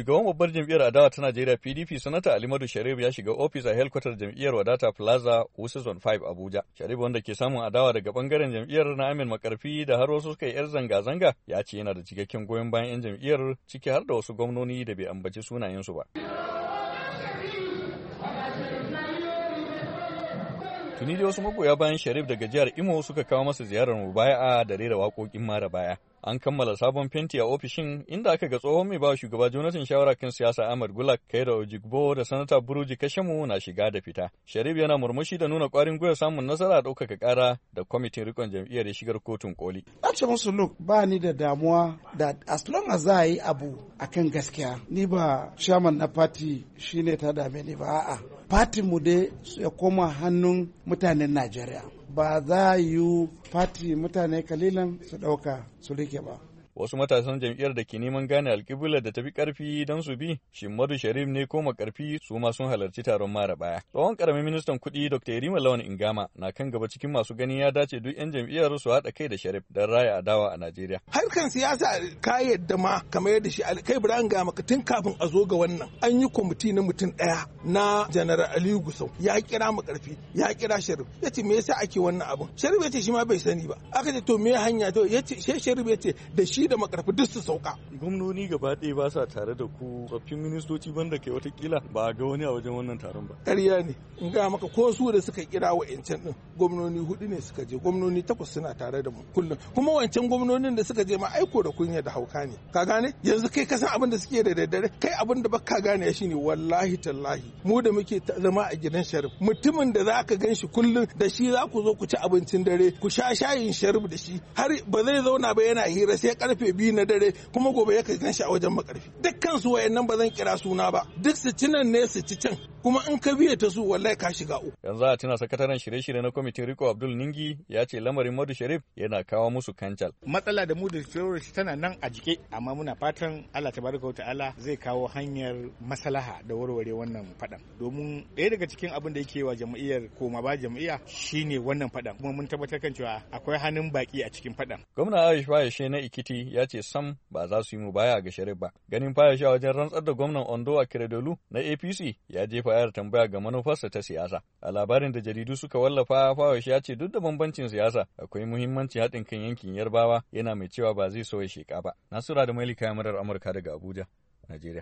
Shugaban babbar jam'iyyar adawa ta Najeriya PDP Sanata Ali Madu Sharif ya shiga ofis a helkwatar jam'iyyar Wadata Plaza Wusu Zone 5 Abuja. Sharif wanda ke samun adawa daga bangaren jam'iyyar na Amin Makarfi da har wasu suka yi 'yar zanga-zanga ya ce yana da cikakken goyon bayan 'yan jam'iyyar ciki har da wasu gwamnoni da bai ambaci sunayensu ba. Tuni dai wasu magoya bayan Sharif daga jihar Imo suka kawo masa ziyarar mubaya'a da rera waƙoƙin mara baya. An kammala sabon fenti a ofishin inda aka ga tsohon mai bawa shugaba Jonathan shawara kan siyasa Ahmad Gulak kai da Ojigbo da sanata Buruji Kashemu na shiga da fita. Sharif yana murmushi da nuna ƙwarin gwiwa samun nasara a ɗaukaka ƙara da kwamitin rikon jam'iyyar ya shigar kotun koli. a ce musu look ba ni da damuwa that as long as za a yi abu akan gaskiya ni ba shaman na party shine ta dame ni ba a'a party mu dai su ya koma hannun mutanen Najeriya ba za yi party mutane kalilan su dauka su rike ba wasu matasan jam'iyyar da ke neman gane alkiblar da ta tafi karfi don su bi shimmadu sharif ne ko makarfi su ma sun halarci taron mara baya tsohon karamin ministan kuɗi dr irima lawan ingama na kan gaba cikin masu gani ya dace duk yan jam'iyyar su haɗa kai da sharif don raya adawa a najeriya harkan siyasa ka yadda ma kamar yadda shi kai ibrahim gama tun kafin a zo ga wannan an yi kwamiti na mutum ɗaya na janar aliyu gusau ya kira makarfi ya kira sharif ya ce me yasa ake wannan abun sharif ya ce shi ma bai sani ba aka ce to me hanya to ya ce sharif ya ce da shi da makarfi duk su sauka gwamnoni gaba ɗaya ba sa tare da ku tsoffin ministoci banda kai watakila ba ga wani a wajen wannan taron ba ƙarya ne in ga maka ko su da suka kira wa'ancan din gwamnoni hudu ne suka je gwamnoni takwas suna tare da mu kullum kuma wancan gwamnonin da suka je ma aiko da kunya da hauka ne ka gane yanzu kai ka san abin da suke da daddare kai abin da baka gane shi ne wallahi tallahi mu da muke zama a gidan sharif mutumin da za ka gan shi kullum da shi za ku zo ku ci abincin dare ku sha shayin sharif da shi har ba zai zauna ba yana hira sai karfe karfe biyu na dare kuma gobe ya kai shi a wajen makarfi dukkan su wayannan ba zan kira suna ba duk su ci ne su ci can kuma in ka biya ta su wallahi ka shiga uku. Yanzu a tuna sakataren shirye-shirye na kwamitin Riko Abdul Ningi ya ce lamarin Madu Sharif yana kawo musu kancal. Matsala da Madu Sharif tana nan a jike amma muna fatan Allah ta tabaraka wata ta'ala zai kawo hanyar maslaha da warware wannan fadan. Domin ɗaya daga cikin abin da yake wa jam'iyyar koma ba jam'iyya shine wannan fadan kuma mun tabbatar kan cewa akwai hannun baki a cikin fadan. Gwamna Aisha Fayashe na Ikiti ya ce sam ba za su yi mu baya ga Sharif ba. Ganin Fayashe wajen rantsar da gwamnan Ondo a Kiredolu na APC ya jefa kwayar tambaya ga manufarsa ta siyasa. A labarin da jaridu suka wallafa Fawash ya ce duk da bambancin siyasa akwai muhimmanci haɗin kan yankin Yarbawa yana mai cewa ba zai so ya sheka ba. Nasura da Malika Yamarar Amurka daga Abuja, Najeriya.